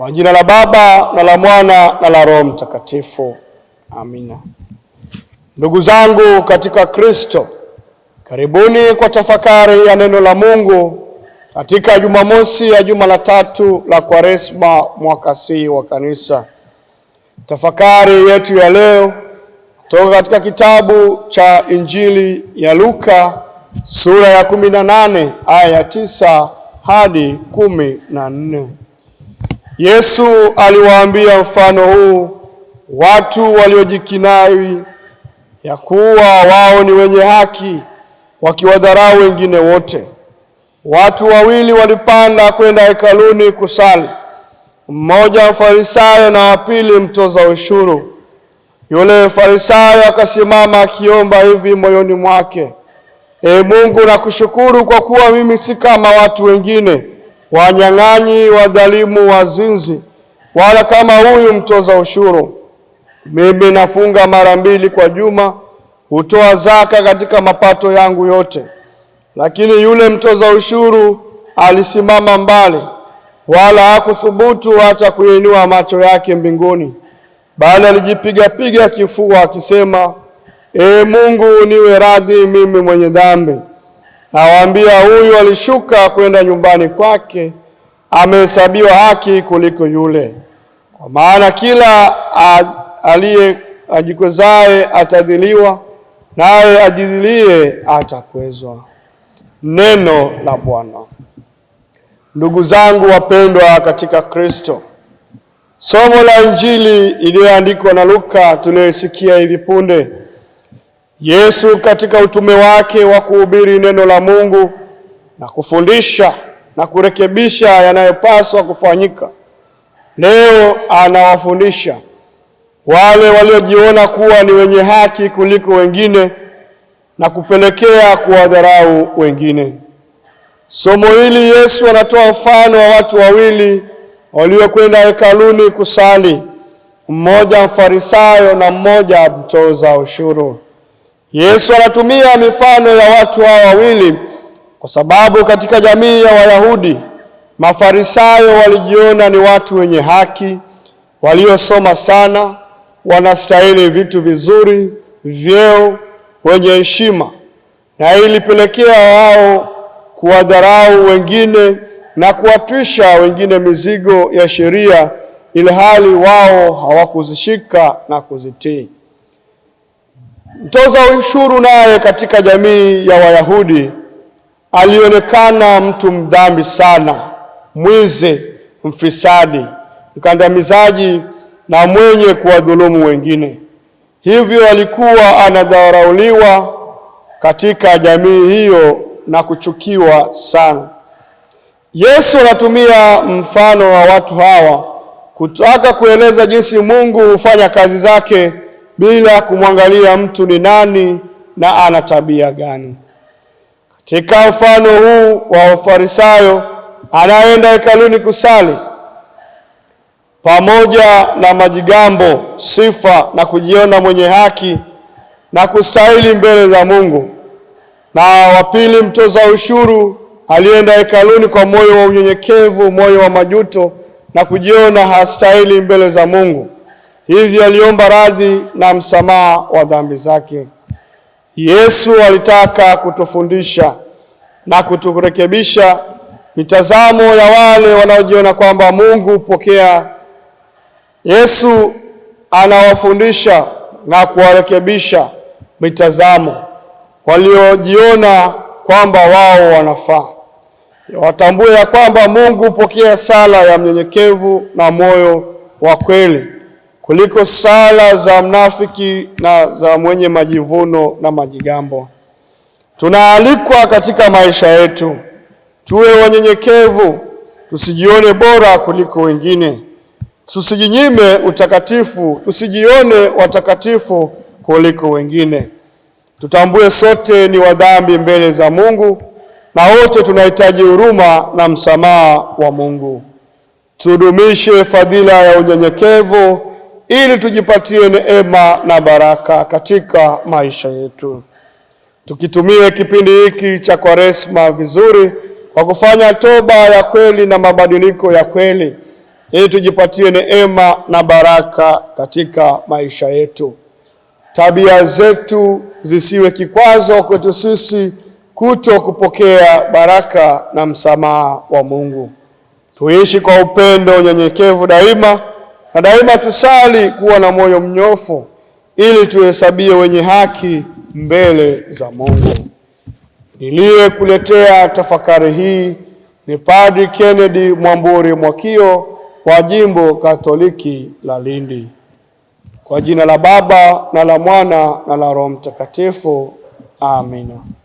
Kwa jina la Baba na la Mwana na la Roho Mtakatifu, amina. Ndugu zangu katika Kristo, karibuni kwa tafakari ya neno la Mungu katika Jumamosi ya juma la tatu la Kwaresma mwaka C wa Kanisa. Tafakari yetu ya leo toka katika kitabu cha Injili ya Luka sura ya kumi na nane aya ya tisa hadi kumi na nne. Yesu aliwaambia mfano huu watu waliojikinawi ya kuwa wao ni wenye haki, wakiwadharau wengine wote. Watu wawili walipanda kwenda hekaluni kusali, mmoja mfarisayo na wapili pili mtoza ushuru. Yule farisayo akasimama akiomba hivi moyoni mwake, e Mungu, nakushukuru kwa kuwa mimi si kama watu wengine wanyang'anyi, wadhalimu, wazinzi, wala kama huyu mtoza ushuru. Mimi nafunga mara mbili kwa juma, hutoa zaka katika mapato yangu yote. Lakini yule mtoza ushuru alisimama mbali, wala hakuthubutu hata kuinua macho yake mbinguni, bali alijipigapiga kifua akisema, Ee Mungu, niwe radhi mimi mwenye dhambi nawaambia, huyu alishuka kwenda nyumbani kwake amehesabiwa haki kuliko yule. Kwa maana kila aliye ajikwezaye atadhiliwa, naye ajidhilie atakwezwa. Neno la Bwana. Ndugu zangu wapendwa katika Kristo, somo la Injili iliyoandikwa na Luka tunayoisikia hivi punde Yesu katika utume wake wa kuhubiri neno la Mungu na kufundisha na kurekebisha yanayopaswa kufanyika, leo anawafundisha wale waliojiona kuwa ni wenye haki kuliko wengine na kupelekea kuwadharau wengine. Somo hili Yesu anatoa mfano wa watu wawili waliokwenda hekaluni kusali, mmoja mfarisayo na mmoja mtoza ushuru. Yesu anatumia mifano ya watu hawa wawili kwa sababu katika jamii ya Wayahudi Mafarisayo walijiona ni watu wenye haki, waliosoma sana, wanastahili vitu vizuri, vyeo, wenye heshima, na ilipelekea wao kuwadharau wengine na kuwatwisha wengine mizigo ya sheria, hali wao hawakuzishika na kuzitii. Mtoza ushuru naye katika jamii ya Wayahudi alionekana mtu mdhambi sana, mwizi, mfisadi, mkandamizaji na mwenye kuwadhulumu wengine. Hivyo alikuwa anadharauliwa katika jamii hiyo na kuchukiwa sana. Yesu anatumia mfano wa watu hawa kutaka kueleza jinsi Mungu hufanya kazi zake bila kumwangalia mtu ni nani na ana tabia gani. Katika mfano huu wa Wafarisayo anaenda hekaluni kusali pamoja na majigambo, sifa na kujiona mwenye haki na kustahili mbele za Mungu, na wa pili mtoza ushuru alienda hekaluni kwa moyo wa unyenyekevu, moyo wa majuto na kujiona hastahili mbele za Mungu hivyo aliomba radhi na msamaha wa dhambi zake. Yesu alitaka kutufundisha na kuturekebisha mitazamo ya wale wanaojiona kwamba Mungu hupokea. Yesu anawafundisha na kuwarekebisha mitazamo waliojiona kwamba wao wanafaa, watambue ya kwamba Mungu hupokea sala ya mnyenyekevu na moyo wa kweli kuliko sala za mnafiki na za mwenye majivuno na majigambo. Tunaalikwa katika maisha yetu tuwe wanyenyekevu, tusijione bora kuliko wengine, tusijinyime utakatifu, tusijione watakatifu kuliko wengine. Tutambue sote ni wadhambi mbele za Mungu na wote tunahitaji huruma na msamaha wa Mungu. Tudumishe fadhila ya unyenyekevu ili tujipatie neema na baraka katika maisha yetu. Tukitumie kipindi hiki cha Kwaresma vizuri kwa kufanya toba ya kweli na mabadiliko ya kweli ili tujipatie neema na baraka katika maisha yetu. Tabia zetu zisiwe kikwazo kwetu sisi kuto kupokea baraka na msamaha wa Mungu. Tuishi kwa upendo, unyenyekevu daima na daima tusali kuwa na moyo mnyofu ili tuhesabie wenye haki mbele za Mungu. Niliyekuletea tafakari hii ni Padri Kennedy Mwamburi Mwakio wa Jimbo Katoliki la Lindi. Kwa jina la Baba na la Mwana na la Roho Mtakatifu. Amina.